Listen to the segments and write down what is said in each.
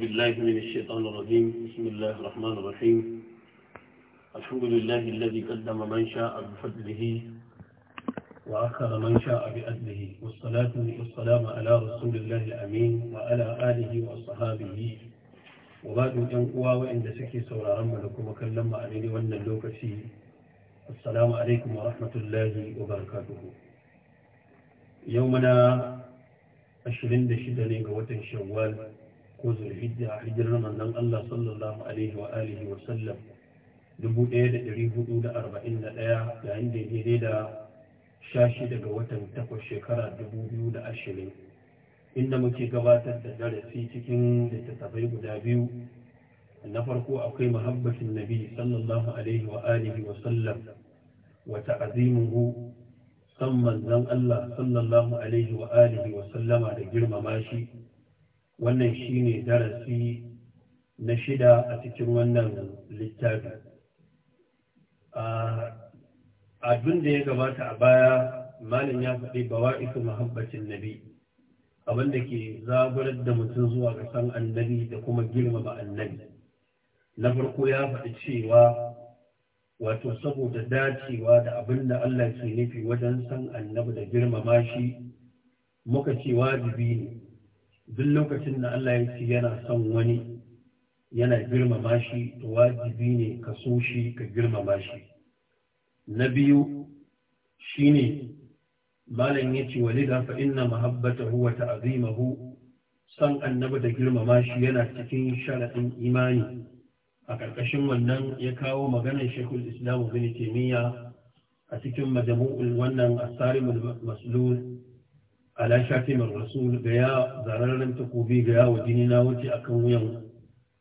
بالله من الشيطان الرجيم بسم الله الرحمن الرحيم الحمد لله الذي قدم من شاء بفضله وأخر من شاء بأدله والصلاة والسلام على رسول الله الأمين وعلى آله وصحابه وبعد أن قوى وإن سكي سورا رمى لكم وكلم عليه وأن اللوكسي السلام عليكم ورحمة الله وبركاته يومنا 26 ne ga watan Shawwal yuzul hijja hijirar manzon Allah sallallahu alaihi wa alihi wa sallam 1441 yayin da daidai da 16 ga watan takwas shekara 2020 inda muke gabatar da darasi cikin littattafai guda biyu na farko akwai mahabbatin nabi sallallahu alaihi wa alihi wa sallam san manzon Allah sallallahu alaihi wa alihi wa sallama da girmama shi wannan shine darasi na shida a cikin wannan littafi abin da ya gabata a baya malin ya faɗi isu muhabbacin nabi abinda ke zaburar da mutum zuwa ga annabi da kuma girmama annabi na farko ya faɗi cewa wato saboda dacewa da abin da Allah ke nufi wajen san annabi da girmama shi muka ce wajibi ne duk lokacin da Allah ya ce yana son wani yana girmama shi wajibi ne ka so shi ka girmama shi na biyu shine malam ya ce walida fa inna mahabbatahu huwa ta'zimahu san annabi da girmama shi yana cikin sharaɗin imani a ƙarƙashin wannan ya kawo maganar shekul islam bin taimiyya a cikin majamu'ul wannan asarimul maslul ala shatimar rasul ga ya zararren takobi ga yawo jini na wuce akan wuyan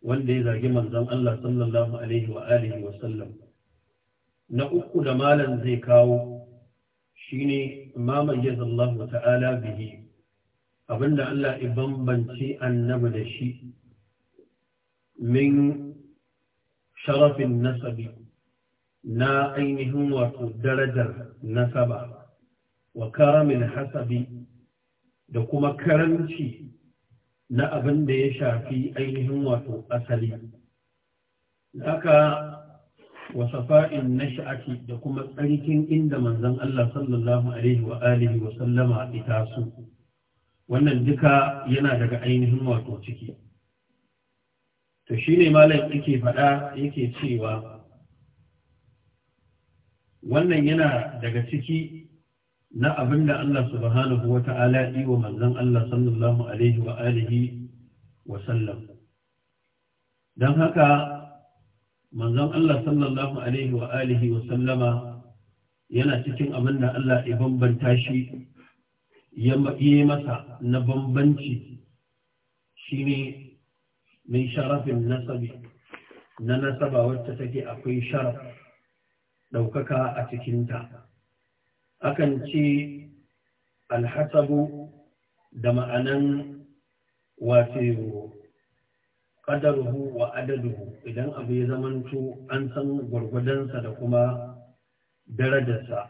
wanda ya zagi manzon Allah sallallahu alaihi wa alihi wa sallam na uku da malam zai kawo shine ma mayyaza Allah ta'ala bihi abinda Allah ya bambanci annabi da shi min sharafin nasabi na ainihin wato darajar nasaba wa karamin hasabi da kuma karanci na abin da ya shafi ainihin wato asali haka fa’in na sha'ati da kuma tsarkin inda manzan Allah sallallahu alaihi wa alihi wa sallama ita su wannan duka yana daga ainihin wato ciki to ne malam yake faɗa yake cewa wannan yana daga ciki na abin da Allah subhanahu wa ta'ala yi wa manzon Allah sallallahu alaihi wa alihi wa sallam don haka manzon Allah sallallahu alaihi wa alihi wa sallama yana cikin abin da Allah ya bambanta shi ya yi masa na bambanci shine min sharafin nasabi na nasaba wacce take akwai sharaf ɗaukaka a cikinta. akan ce alhasabu da ma'anan wato ƙadaruhu wa adaduhu idan abu ya zamanto an san gwargwadonsa da kuma darajarsa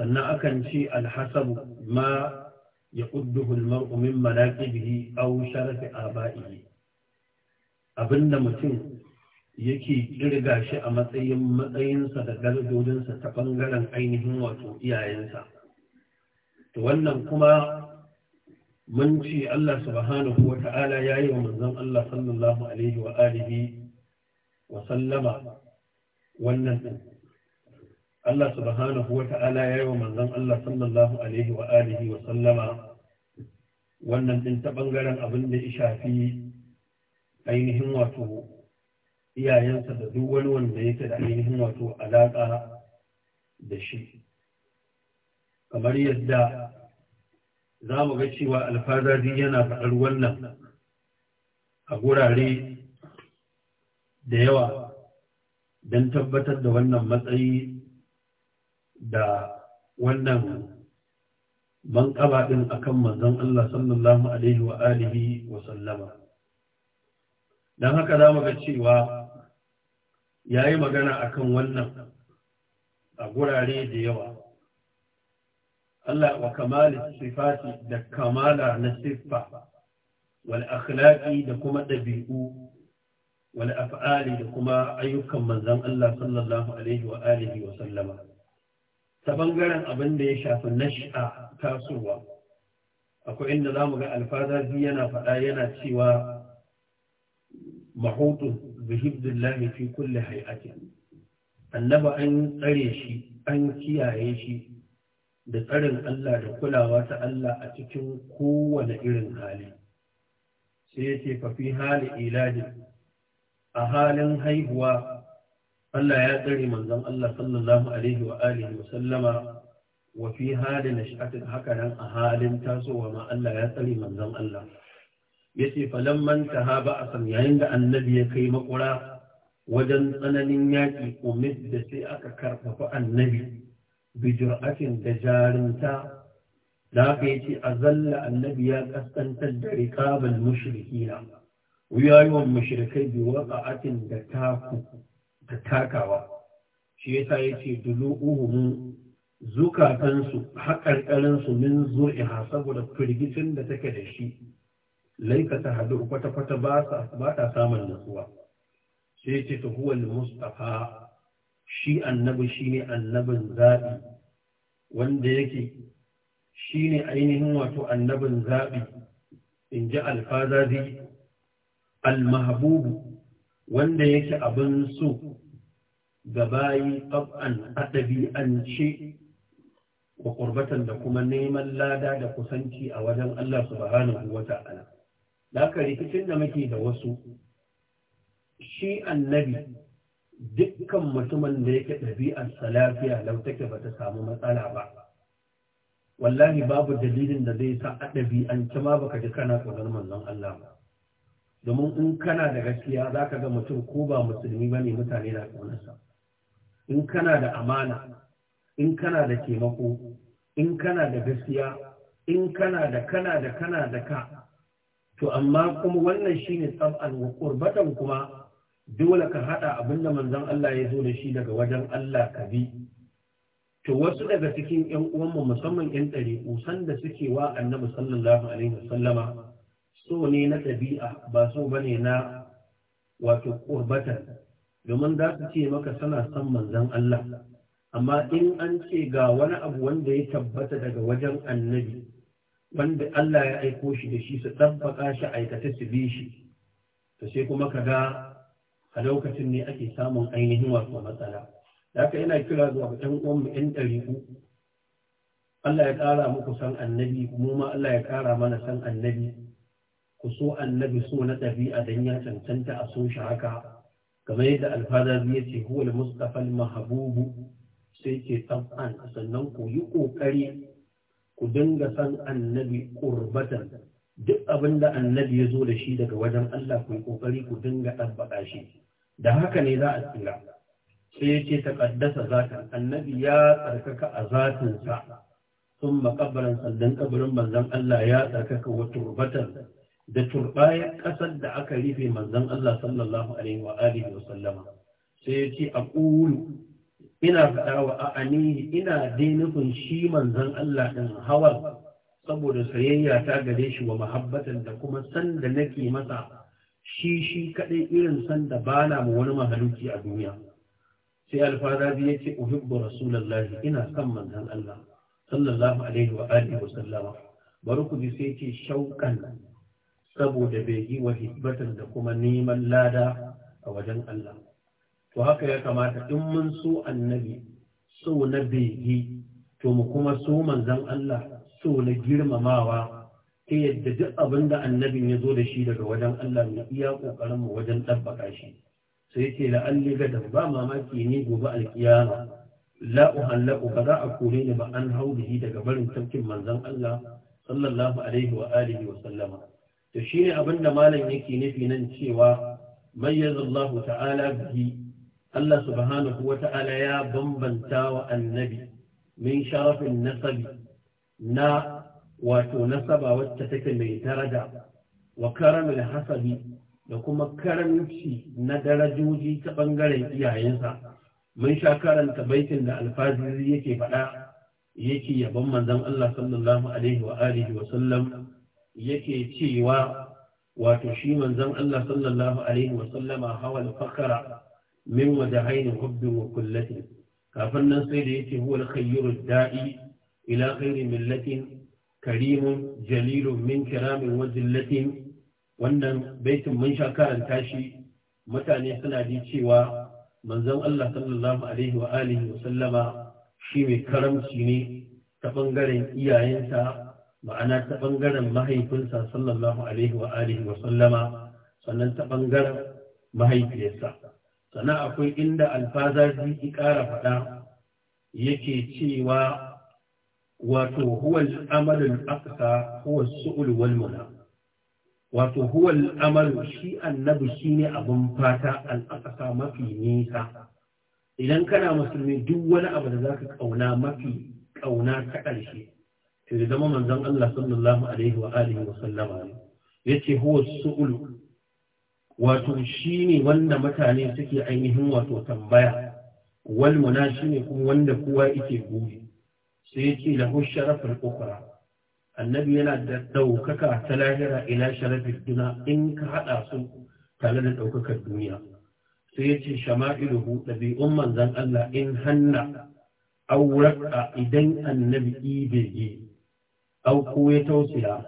sannan akan ce alhasabu ma ya ƙudduhu mar'u min bihi aw sharafi aba'ihi abinda mutum yake kirga shi a matsayin matsayinsa da darajojinsa ta ɓangaren ainihin wato iyayensa to wannan kuma mun ce Allah subhanahu wa ta'ala ya yi wa manzon Allah sallallahu alaihi wa alihi wa sallama wannan ɗin. Allah subhanahu wa ta'ala ya yi wa manzon Allah sallallahu alaihi wa alihi wa sallama wannan ɗin ta ɓangaren abin da ya shafi ainihin wato iyayensa da duk wani wanda yake da ainihin wato alaƙa da shi kamar yadda za mu ga cewa alfazazi yana faɗar wannan a gurare da yawa don tabbatar da wannan matsayi da wannan manƙaba ɗin a manzon Allah sallallahu Alaihi wa alihi wa sallama. Don haka za mu ga cewa ya yi magana a kan wannan a gurare da yawa Allah wa kamalin sifati da kamala na siffa Wani akhlaqi da kuma ɗabi'u wani af'ali da kuma ayyukan manzan Allah sallallahu alaihi wa alihi wa sallama ta bangaren abin da ya shafi nash'a tasowa akwai inda zamu ga alfazazi yana faɗa yana cewa mahutun bihibdillahi fi kulli hay'ati annaba an tsare shi an kiyaye shi da tsarin Allah da kulawa ta Allah a cikin kowane irin hali sai ya ce fafi hali ilajin a halin haihuwa Allah ya tsare manzon Allah sallallahu alaihi wa alihi wa sallama wa fi halin haka nan a halin tasowa ma Allah ya tsare manzon Allah yace falamman tahaba san" yayin da annabi ya kai makura wajen tsananin yaƙi umid da sai aka karfafa annabi bi da jarinta da ce a zalla annabi ya kaskantar da riqabal mushrikina wayayin mushrikai bi waqa'atin da taku da takawa shi yasa yace mu" zukatansu haƙarƙarinsu min zuri'a saboda firgicin da take da shi laika ta hadu kwata-kwata ba ta samun nasuwa sai ce ta huwa shi annabi shi ne annabin zaɓi wanda yake shi ne ainihin wato annabin zaɓi in ji alfazazi almahabubu wanda yake abin so ga bayi ƙab'an adabi'ance wa ƙurbatan da kuma neman lada da kusanci a wajen Allah subhanahu wa ta'ala. da aka rikicin da muke da wasu shi annabi dukkan mutumin da yake ɗabi'ar salafiya lau take ba ta samu matsala ba wallahi babu dalilin da zai sa a ɗabi'ance ma baka ji kana ƙaunar manzon Allah ba domin in kana da gaskiya za ka ga mutum ko ba musulmi ba ne mutane na ƙaunarsa in kana da amana in kana da taimako in kana da gaskiya in kana da kana da kana da ka to amma kuma wannan shine ne wa qurbatan kuma dole ka haɗa abinda manzon Allah ya zo da shi daga wajen Allah ka bi to wasu daga cikin ƴan uwanmu musamman ƴan san da suke wa annabi sallallahu alaihi wasallama so ne na ɗabi'a ba so bane na wato qurbatan domin za su ce maka suna san manzon Allah amma in an ce ga wani abu wanda ya tabbata daga wajen annabi wanda Allah ya aiko shi da shi su tabbaka shi aikata su bi shi to sai kuma ka ga a lokacin ne ake samun ainihin wato matsala da haka yana kira zuwa ga ɗan uwanmu ɗan ɗari Allah ya ƙara muku san annabi mu ma Allah ya ƙara mana san annabi ku so annabi so na ɗabi'a dan ya cancanta a so shi haka kamar yadda alfadar ya ce huwa al-mustafa al-mahbubu sai ke tsam'an sannan ku yi ƙoƙari ku dinga san annabi ƙurbatan duk abin da annabi ya zo da shi daga wajen Allah ku ƙoƙari kokari ku dinga ɗabbaɗa shi da haka ne za a tsira sai ya ce ta ƙaddasa zatan annabi ya tsarkaka a zatinsa sun makabarin sandan kabarin manzan Allah ya tsarkaka wa turbatan da turbayar ƙasar da aka rufe manzan Allah sallallahu alaihi wa alihi wa sallama sai ya ce a ƙulu ina faɗa wa a'ani ina dai shi manzan Allah ɗin hawar saboda sayayya ta gare shi wa mahabbatan da kuma san da nake masa shi shi kaɗai irin san da ba na wani mahaluki a duniya sai alfazazi ya ce uhibbu rasulallah, ina san manzan Allah sallallahu alaihi wa alihi wa sallama bari ku ji sai ce shauƙan saboda yi wa hisbatan da kuma neman lada a wajen Allah to haka ya kamata in mun so annabi so na bege to mu kuma so manzan Allah so na girmamawa ta yadda duk abin da annabin ya zo da shi daga wajen Allah mu iya ƙoƙarin mu wajen ɗabbaka shi sai ce la'alli ga ba mamaki ne gobe alkiyama la uhallaku ba za a kore ni ba an hau da daga barin tafkin manzon Allah sallallahu alaihi wa alihi wa sallama to shine abin da malam yake nufi nan cewa mayyaza Allah ta'ala bihi Allah subhanahu wa ta'ala ya bambanta wa annabi min sharafin nasabi na wato nasaba wacce take mai daraja wa karamil hasabi da kuma karamci na darajoji ta ɓangaren iyayensa mun sha karanta baitin da alfaziri yake faɗa yake yaban manzon Allah sallallahu alaihi wa alihi wa sallam yake cewa wato shi manzon Allah sallallahu alaihi wa sallama hawal fakara min wajahain hubbin wa kullatin kafin nan sai da yake huwa al da'i ila khayri millatin karimun jalilun min kiramin wa zillatin wannan baitin mun sha karanta shi mutane suna ji cewa manzon Allah sallallahu alaihi wa alihi wa sallama shi mai karamci ne ta bangaren iyayensa ma'ana ta bangaren mahaifinsa sallallahu alaihi wa alihi wa sallama sannan ta bangaren mahaifiyarsa sannan akwai inda alfazazi ya ƙara faɗa yake cewa wato huwal amalul aqsa huwa su'ul wal muna wato huwal amalu shi annabi shi ne abin fata al mafi nisa idan kana musulmi duk wani abu da za ka ƙauna mafi ƙauna ta ƙarshe to da zama manzan Allah sallallahu alaihi wa alihi wa sallama yace huwa su'ul wato shi ne wanda mutane suke ainihin wato tambaya walmuna muna shi ne kuma wanda kowa yake gobe sai ya ce lahu sharafin ukura annabi yana da ɗaukaka ta lahira ila sharafin duna in ka haɗa su tare da ɗaukakar duniya sai ya ce shama'iluhu ɗabi'un manzan Allah in hanna auraka idan annabi ibege au ko ya tausaya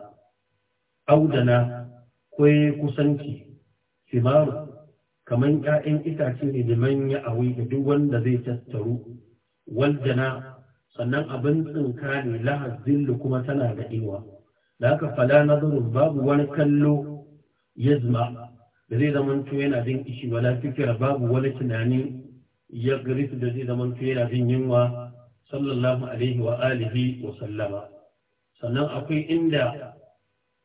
audana ko kusanci simar kamar ƴaƴan itace ne da manya a da duk wanda zai tattaru waljana sannan abin tsinka ne lahar zillu kuma tana da inuwa da haka fala nazarin babu wani kallo yazma da zai zamanto yana jin ishi wala fikira babu wani tunani ya garisu da zai zamanto yana jin yunwa sallallahu alaihi wa alihi wa sallama sannan akwai inda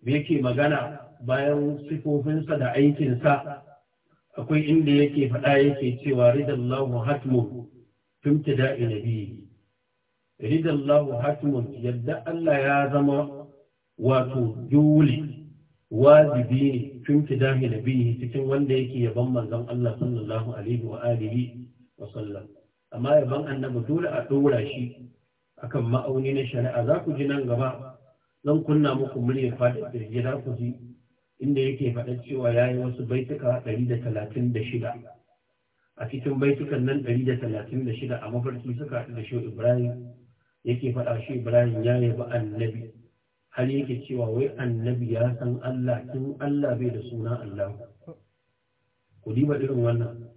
yake magana bayan sifofinsa da aikinsa akwai inda yake faɗa yake cewa ridallahu hatmu tumtida nabi ridallahu hatmun yadda Allah ya zama wato dole wajibi ne tumtida nabi cikin wanda yake yaban manzon Allah sallallahu alaihi wa alihi wa sallam amma yaban annabi dole a dora shi akan ma'auni na shari'a za ku ji nan gaba zan kunna muku muryar fadar da ku ji inda yake faɗa cewa ya yi wasu baituka 136 a cikin baitukan nan 136 a mafarki suka haɗu da shi ibrahim yake faɗa shi ibrahim ya yabi annabi har yake cewa wai annabi ya san allah tun allah bai da suna allah ku diba irin wannan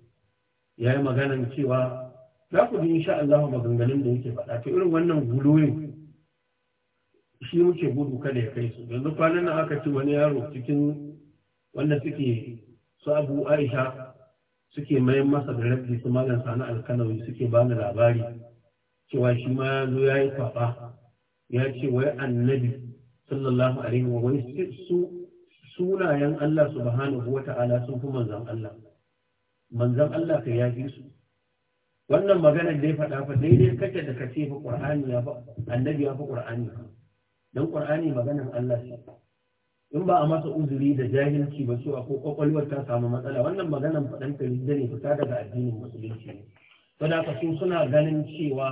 ya yi maganan cewa za ku ji insha Allah maganganun da yake faɗa to irin wannan guloyin shi muke gudu kada ya kai su yanzu kwanan nan aka ci wani yaro cikin wanda suke su abu aisha suke mayan masa da rabbi su magan sani alkanawi suke ba ni labari cewa shi ma ya zo ya yi kwaba ya ce wai annabi sallallahu alaihi wa wani sunayen Allah subhanahu wa ta'ala sun fi manzan Allah manzan Allah ka ya su wannan maganar da ya faɗa fa daidai kace da kace fa qur'ani ya fa annabi ya fa qur'ani don ƙwar'ani maganin Allah ce in ba a masa uzuri da jahilci ba cewa ko kwakwalwar ta samu matsala wannan maganan faɗan karida ne fita daga addinin musulunci ne sadaka su suna ganin cewa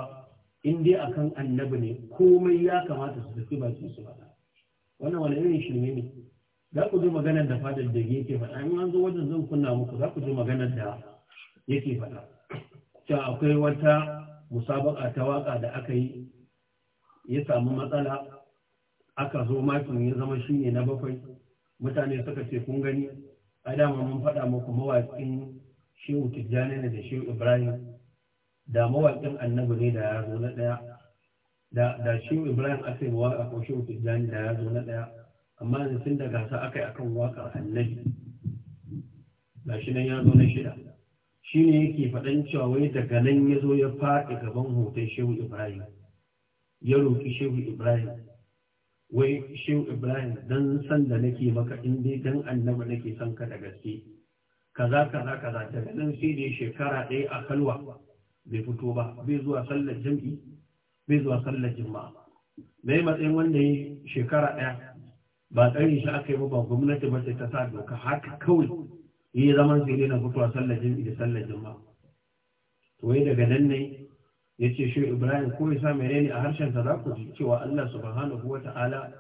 in dai akan annabi ne komai ya kamata su tafi baki su faɗa wannan wani irin shirme ne za ku ji maganar da fadar da yake faɗa in an zo wajen zan kunna muku za ku ji maganar da yake faɗa cewa akwai wata musabaka ta waka da aka yi ya samu matsala aka zo makin ya zama shi ne na bakwai mutane suka ce kun gani a dama mun faɗa muku mawaƙin shehu tijjani ne da shehu ibrahim da mawaƙin annabi ne da ya zo na ɗaya da shehu ibrahim aka yi waƙa ko shehu tijjani da ya zo na ɗaya amma yanzu tun da gasa aka yi akan waƙar annabi ga shi nan ya zo na shida shi ne yake faɗan cewa wai daga nan ya zo ya faɗi gaban hoton shehu ibrahim ya roƙi shehu ibrahim wai shehu ibrahim dan san da nake maka in dai dan annaba nake son ka da gaske kaza kaza kaza ta nan sai dai shekara ɗaya a kalwa bai fito ba bai zuwa sallar jami'i bai zuwa sallar jima'a bai matsayin wanda ya shekara ɗaya ba tsari shi aka yi ba gwamnati ba sai ta sa doka haka kawai yi zaman sai dai na fitowa sallar jami'i da sallar jima'a to wai daga nan ne ya ce shi ibrahim ko isa ne a harshen ta za ku ji cewa allah subhanahu ta'ala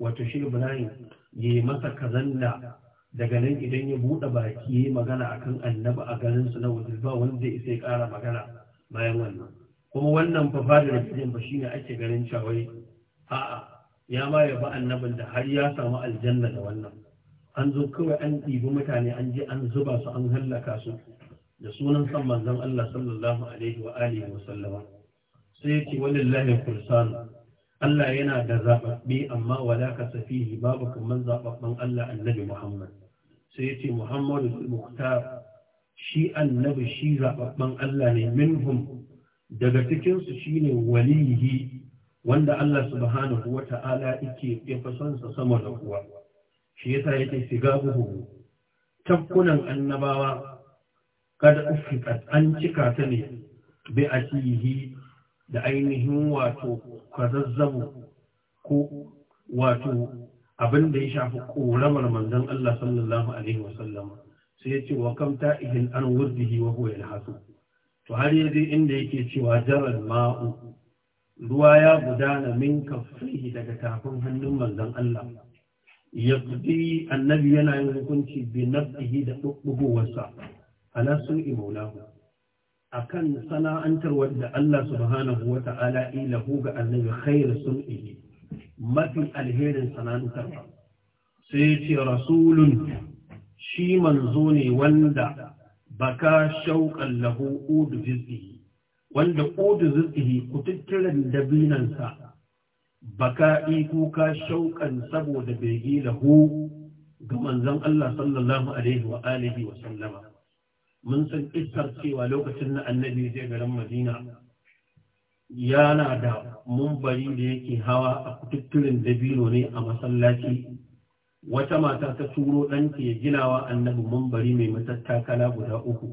wato shi ibrahim ya yi masa kazanda daga nan idan ya buɗe baki ya yi magana akan annabi a garin su na wajen ba wanda isa ya ƙara magana bayan wannan kuma wannan fafa da rafijin ba shine ake ganin cawai a'a ya ma ya ba annabin da har ya samu aljanna da wannan an zo kawai an ɗibi mutane an je an zuba su an hallaka su da sunan san manzon Allah sallallahu alaihi wa alihi wa sallama sai yake walillahi kursan Allah yana da zababbe amma wala ka safihi babu kaman zababban Allah annabi Muhammad sai yace Muhammadu Muhtar shi annabi shi zababban Allah ne minhum daga cikin su shine walihi wanda Allah subhanahu wa ta'ala yake ya sa sama da kuwa shi yasa yake sigabuhu tabkunan annabawa kada ufiqat an cika ta ne bi asihi da ainihin wato kwazazzabu ko wato abin da ya shafi ƙoramar manzon Allah sallallahu alaihi sai ya ce wa kam ta ihin an wurdihi wa huwa yalhasu to har yanzu inda yake cewa jaral ma'u ruwa ya gudana min kafihi daga tafin hannun manzon Allah ya annabi yana yin hukunci bi nafsihi da dubbuwarsa ala su'i maulahu kan sana'antar wadda Allah subhanahu wa ta'ala ilahu ga annabi khairu sun'ihi mafi alherin sana'antar sai ce rasulun shi manzo ne wanda baka shauƙan lahu udu zizzihi wanda udu zizzihi kututturen dabinansa baka kuka shauƙan saboda yi lahu ga manzon Allah sallallahu alaihi wa alihi wa sallama mun san iskar cewa lokacin na annabi zai garin madina yana da mumbari da yake hawa a kututturin dabino ne a masallaci wata mata ta turo ɗanta ya ginawa annabi mumbari mai matattakala guda uku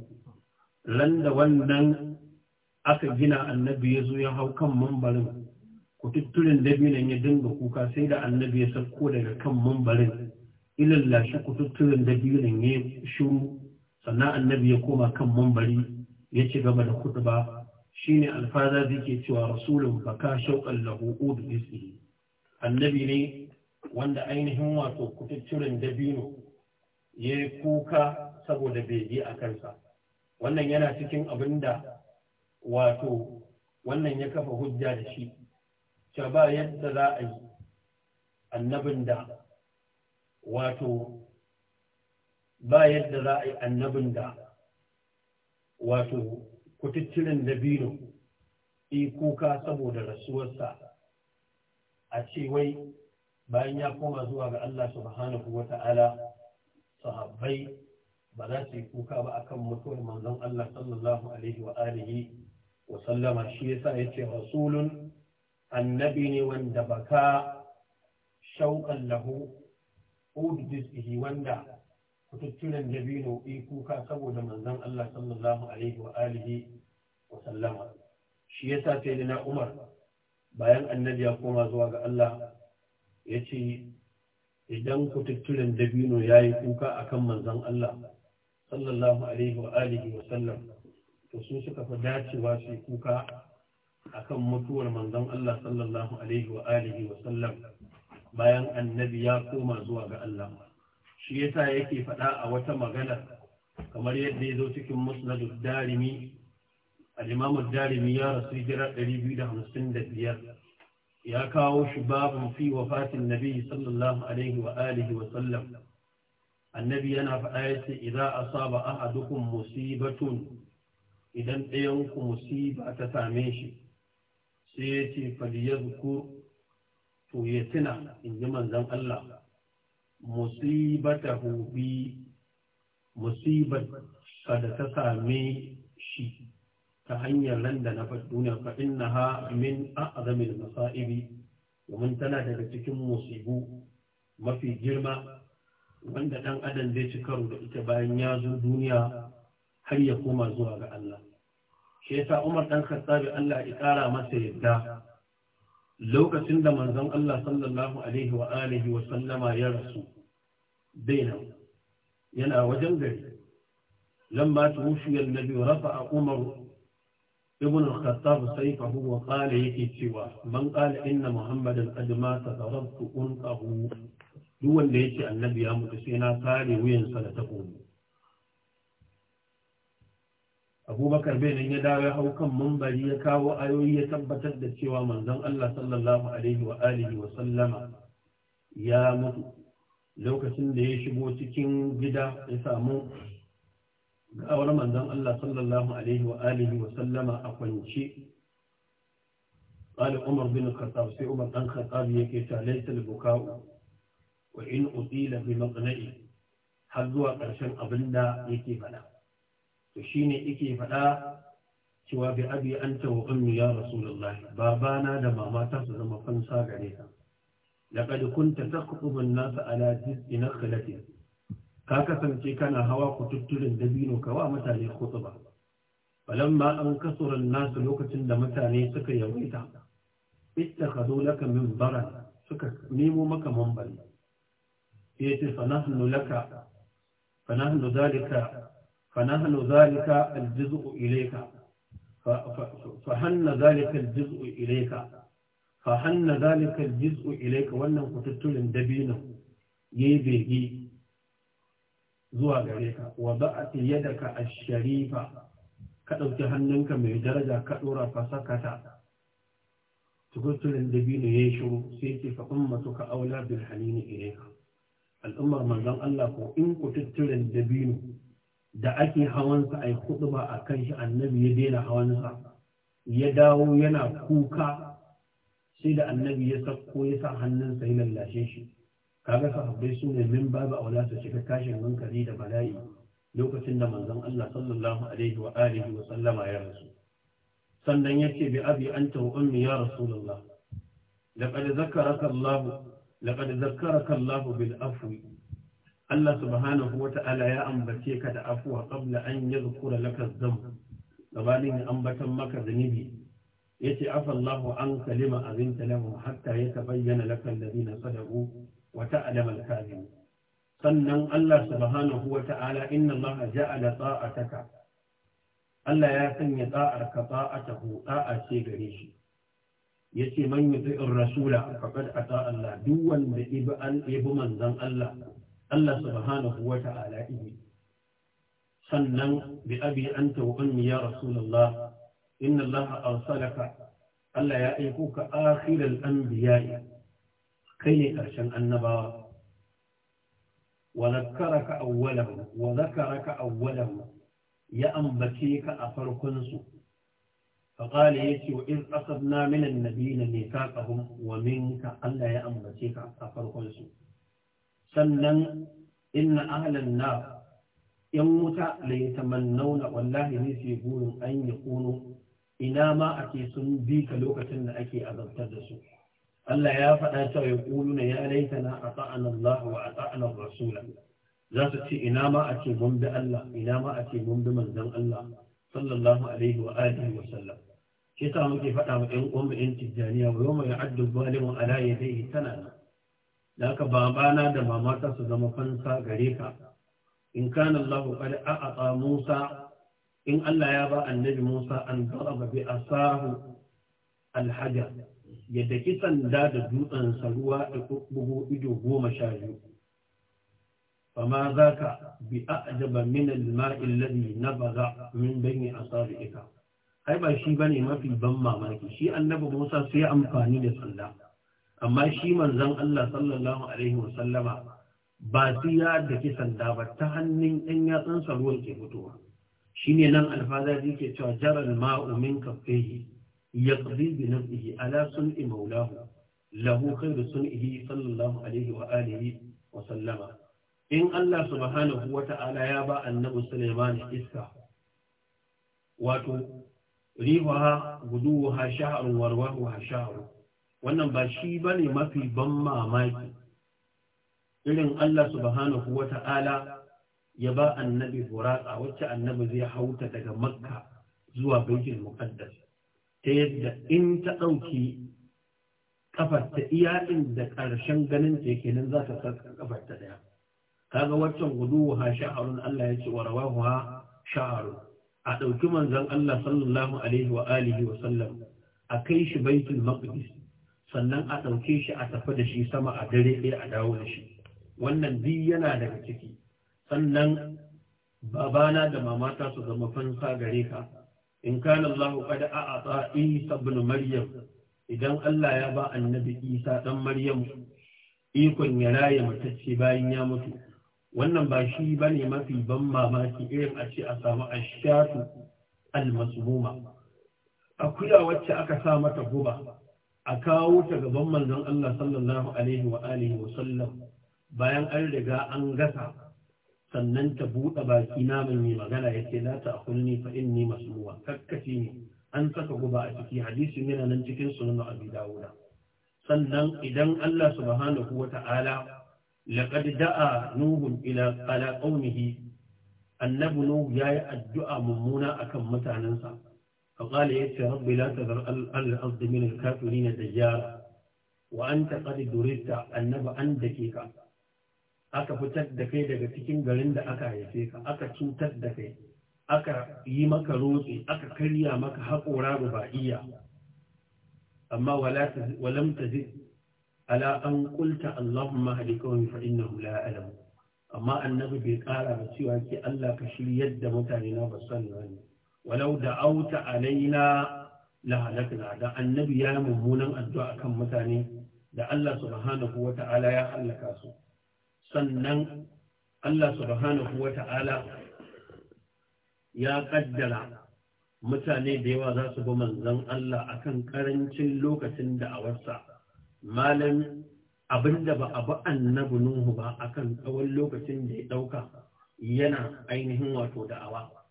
ran da wannan aka gina annabi ya zo ya hau kan mumbarin kututturin dabinan ya dinga kuka sai da annabi ya sauko daga kan mumbarin ilallashi kututturin dabinan ya shuru sannan annabi ya koma kan mambari ya ci gaba da kutuba shine alfaza da yake cewa rasulun baka shauqan lahu udu isri annabi ne wanda ainihin wato kututturen dabino ya kuka saboda bege a kansa wannan yana cikin abin da wato wannan ya kafa hujja da shi cewa ba yadda za a yi annabin da wato ba yadda za a yi annabin da wato kututturen dabino yi kuka saboda rasuwarsa a ce wai bayan ya koma zuwa ga Allah subhanahu wa ta'ala sahabbai ba za su yi kuka ba akan mutuwar manzon Allah sallallahu alaihi wa alihi wa sallama shi yasa ce rasulun annabi ne wanda baka shauƙan lahu udbisihi wanda kututturen dabino yi eh, kuka saboda manzon Allah sallallahu alaihi wa alihi wa sallama shi yasa sai na Umar bayan annabi ya koma zuwa ga Allah ya ce idan kututturen dabino ya yi kuka akan manzon Allah sallallahu alaihi wa alihi wa sallam to su suka fi dacewa su kuka akan mutuwar manzon Allah sallallahu alaihi wa alihi wa sallam bayan annabi ya koma zuwa ga Allah shi yake faɗa a wata magana kamar yadda ya zo cikin musnadul darimi Alimamul imamu darimi ya rasu hijira 255 ya kawo shi babun fi wafatin nabi sallallahu alaihi wa alihi wa sallam annabi yana faɗa ya ce idan saba ahadukum musibatun idan ɗayan ku musiba ta same shi sai ya ce faliyazku to ya tuna in ji manzon Allah musibata bi musibar ka da ta same shi ta hanyar nan da na faɗi duniya fa innaha min azamin masa'ibi domin tana daga cikin musibu mafi girma wanda ɗan adam zai ci karo da ita bayan ya zo duniya har ya koma zuwa ga Allah shi sa Umar ɗan Khattabi Allah ya ƙara masa yadda lokacin da manzon Allah sallallahu alaihi wa alihi wa sallama ya rasu baina yana wajen gari lamma tuwfiya annabi rafa'a umar ibn al-khattab sayfahu wa qala yake cewa man qala inna muhammadan qad mata darabtu unqahu duk wanda yace annabi ya mutu sai na sare wuyansa da takobi abubakar bai nan ya dawo ya hau kan mambari ya kawo ayoyi ya tabbatar da cewa manzon Allah sallallahu alaihi wa alihi wa sallama ya mutu lokacin da ya shigo cikin gida ya samu gawar manzon Allah sallallahu alaihi wa alihi wa sallama a kwance قال عمر بن الخطاب سي عمر بن الخطاب يكي ليس البكاء وإن أطيل بمقنعي حذوا قرشا أبندا يكي فلا to shine ike faɗa cewa bi abi anta wa ummi ya rasulullah babana da mamata su zama fansa gare ka laqad kunta taqubu an-nas ala jiz'i nakhlatin ka kasance kana hawa kututturin dabino ka wa mutane khutba falamma an kasura an-nas lokacin da mutane suka yawaita ittakhadhu laka minbaran suka nemo maka mambari yace fa nahnu laka fa nahnu فنحن ذلك الجزء إليك فحن ذلك الجزء إليك فحن ذلك الجزء إليك وأنه قتلتل دبينه يبهي zuwa gare ka wa ba'ati yadaka ash-sharifa ka ɗauki hannunka mai daraja ka dora fasakata tukutulin dabino yayi shiru sai ce masu ka aula bil halini ilayka al'ummar manzon Allah ko in kututturen dabino da ake hawansa a yi hudu a kan shi annabi ya daina hawansa ya dawo yana kuka sai da annabi ya sako ya sa hannunsa ya lallashe shi kaga sahabbai su ne min babu aula su shiga tashin hankali da bala'i lokacin da manzon Allah sallallahu alaihi wa alihi wa sallama ya rasu sannan yace bi abi anta wa ummi ya rasulullah laqad zakkaraka Allah laqad zakkaraka Allah bil afwi Allah subhanahu wa ta'ala ya ambace ka da afuwa qabla an yadhkura laka dhanb gabanin ambatan maka zunubi yace ce afallahu an kalima azinta lahu hatta yatabayyana laka alladhina sadaqu wa ta'lamu al sannan Allah subhanahu wa ta'ala inna Allah ja'ala ta'ataka Allah ya sanya ta'arka ta'atahu ta'a ce gare shi yace man yuti'ir rasula faqad ata Allah duk wanda ibi an manzon Allah Allah subhanahu wa ta'ala ihi sannan bi abi anta wa ummi ya rasulullah inna Allah arsalaka Allah ya aiko ka an anbiya kai ne ƙarshen annabawa wa zakkaraka awwalahu wa awwalahu ya ambace ka a farkon su فقال يتي وإذ أخذنا من النبيين ميثاقهم ومنك ألا يأمتك أفرقنسوا sannan inna ahlan na yan wuta ya tamannauna, wallahi ne su burin an ya kunu. ina ma ake sun bi ka lokacin da ake azabtar da su Allah ya faɗa cewa ya kulu na ya na a ta'an Allah wa a ta'an Rasula za su ce ina ma a mun bi Allah ina ma a mun bi manzon Allah sallallahu alaihi wa alihi wa sallam shi yasa muke faɗa wa ƴan uwan mu ƴan tijjaniya wa yawma ya'addu zalimu ala yadayhi tana da babana da mamata su zama fansa gare ka in kana Allah qad a'ata Musa in Allah ya ba annabi Musa an daraba bi asahu alhajar yadda kisan da da dutsen sa ruwa da bugu ido goma sha biyu fama za ka bi a'jaba min al-ma'i alladhi nabagha min bayni asabi'ika ai ba shi bane mafi ban mamaki shi annabi Musa sai amfani da sanda amma shi manzon Allah sallallahu alaihi wasallama ba siya da kisan da ba ta hannun ɗan yatsansa ruwan ke fitowa shine nan alfazaji ke cewa jaral ma'u min kaffihi yaqdi bi nafsihi ala sun'i maulahu lahu khairu sun'ihi sallallahu alaihi wa alihi wa sallama in Allah subhanahu wa ta'ala ya ba annabi Sulaiman iska wato rihuha guduha sha'run wa sha'run wannan ba shi ba ne mafi ban mamaki irin Allah subhanahu wa ta'ala ya ba annabi a wacce annabi zai hauta daga makka zuwa baitul muqaddas ta yadda in ta ɗauki kafar ta iya da ƙarshen ganin tekenin za ta saka kafar ta daya kaga waccan guduwa ha sha'arun Allah ya ce wa rawahu ha sha'arun a ɗauki manzon Allah sallallahu alaihi wa alihi wa sallam a kai shi baitul maqdis sannan a ɗauke shi a tafi da shi sama a dare ɗaya a dawo da shi wannan biyu yana daga ciki sannan babana da mamata su zama fansa gare ka in kana Allah a a'ata Isa ibn Maryam idan Allah ya ba annabi Isa dan Maryam ikon ya raye matacce bayan ya mutu wannan ba shi bane mafi ban mamaki irin a ce a samu ashatu almasmuma akuya wacce aka sa mata guba a kawo ta gaban manzon Allah sallallahu alaihi wa alihi wa sallam bayan an riga an gasa sannan ta buɗe baki naman mai magana ya ce la ta akulni fa inni masmuwa kakkaci ne an saka guba a ciki hadisi yana nan cikin sunan abi dawuda sannan idan Allah subhanahu wa ta'ala laqad da'a nuhun ila ala qaumihi annabi nuhu yayi addu'a mummuna akan mutanansa فقال يا رب لا تذر الأرض من الكافرين دجارا وأنت قد درست النبأ أن دقيقة aka fitar da kai daga cikin garin da aka haife ka aka cutar da kai aka yi maka rotse aka karya maka haƙora ruba'iyya amma walam zai ala an kulta Allahumma hadi kawai fa inna la alamu amma annabi bai ƙara ba cewa ke Allah ka shiryar da mutane na ba sani wani walau da auta alaina la halakna da annabi ya mummunan addu'a akan mutane da Allah subhanahu wa ta'ala ya halaka su sannan Allah subhanahu wa ta'ala ya kaddara mutane da yawa za su bi manzon Allah akan karancin lokacin da a wasa malam ba a bi annabi Nuhu ba akan tsawon lokacin da ya ɗauka yana ainihin wato da'awa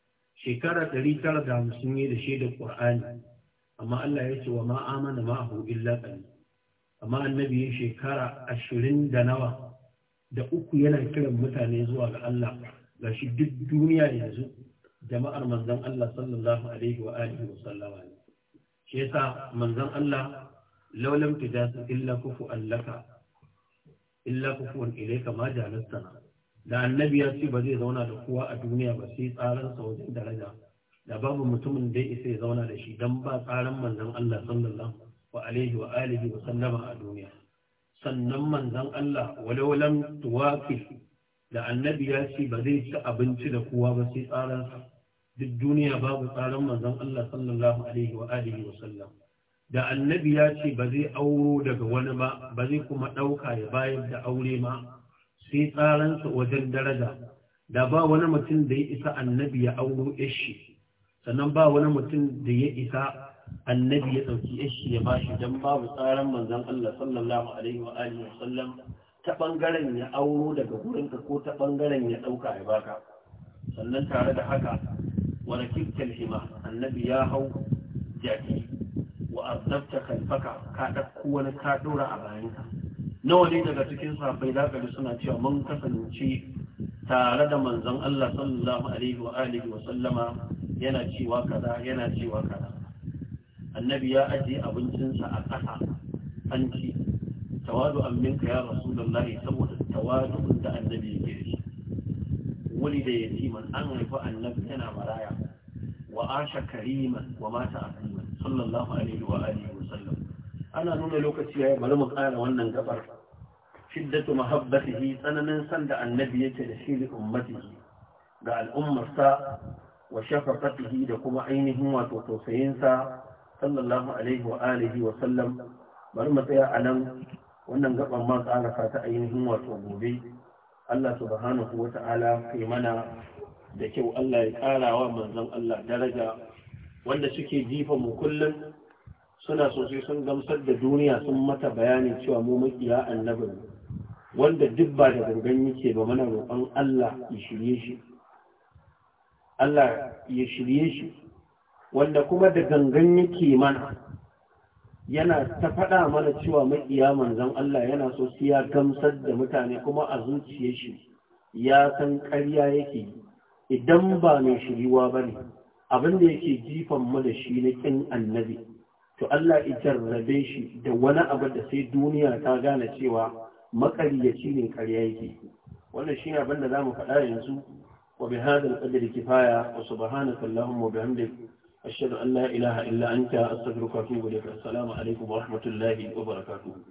shekara ɗari tara da hamsin ne da shaidar ƙur'ani amma Allah ya ce wa ma amana ma ma'ahu illa qalil amma annabi ya shekara ashirin da nawa da uku yana kiran mutane zuwa ga Allah gashi duk duniya yanzu jama'ar manzon Allah sallallahu alaihi wa alihi wa sallama ne shi yasa manzon Allah laulam tijasu illa kufu allaka illa kufuwan ilayka ma na. da annabi ya ce ba zai zauna da kowa a duniya ba sai tsaransa wajen daraja da babu mutumin da isa ya zauna da shi don ba tsarin manzon Allah sallallahu wa alaihi wa alihi wa sallama a duniya sannan manzon Allah walawalam tuwafi da annabi ya ce ba zai ci abinci da kowa ba sai tsaransa duk duniya babu tsarin manzon Allah sallallahu alaihi wa alihi wa sallam da annabi ya ce ba zai auro daga wani ba ba zai kuma dauka ya bayar da aure ma sai tsaransa wajen daraja da ba wani mutum da ya isa annabi ya auro shi sannan ba wani mutum da ya isa annabi ya ɗauki shi ya ba shi don babu tsarin manzan Allah sallallahu alaihi wa alihi wasallam ta ɓangaren ya auro daga gurinka ko ta ɓangaren ya ɗauka ya baka sannan tare da haka wani kirkir hima annabi ya hau jaki wa azabta kalfaka ka ɗauko wani ka ɗora a bayanka nawa ne daga cikin sahabbai za ka suna cewa mun kasance tare da manzon Allah sallallahu alaihi wa alihi wa sallama yana cewa kaza yana cewa kaza annabi ya ajiye abincinsa a ƙasa an ci tawadu an minka ya rasulullahi saboda tawadu da annabi yake da shi wani da ya ci yatiman an haifi annabi yana maraya wa asha kariman wa mata akriman sallallahu alaihi wa alihi ana nuna lokaci yi bari mu ƙara wannan gabar shiddatu mahabbatihi tsananin san da annabi yake da shi li ummatihi ga al'ummarsa wa shafaqatihi da kuma ainihin wato tausayinsa sallallahu alaihi wa alihi wa sallam bari mu tsaya a nan wannan gabar ma ƙara ta ainihin wato gobe Allah subhanahu wa ta'ala kai mana da kyau Allah ya ƙara wa manzon Allah daraja wanda suke jifa mu kullum suna sosai sun gamsar da duniya sun mata bayani cewa mu makiya annabi wanda duk ba da gangan yake ba mana roƙon Allah ya shirye shi Allah ya shirye shi wanda kuma da gangan yake mana yana ta faɗa mana cewa makiya manzon Allah yana so su ya gamsar da mutane kuma a zuciyar shi ya san ƙarya yake idan ba mai shiriwa ba ne abin da yake jifan mu da shi na ƙin annabi to Allah ya jarrabe shi da wani abu da sai duniya ta gane cewa makaryaci ne karya yake wannan shine abin da zamu faɗa yanzu wa bi hada al-qadri kifaya wa subhanaka allahumma wa bihamdik ashhadu an la ilaha illa anta astaghfiruka wa atubu ilaik assalamu alaikum wa rahmatullahi wa barakatuh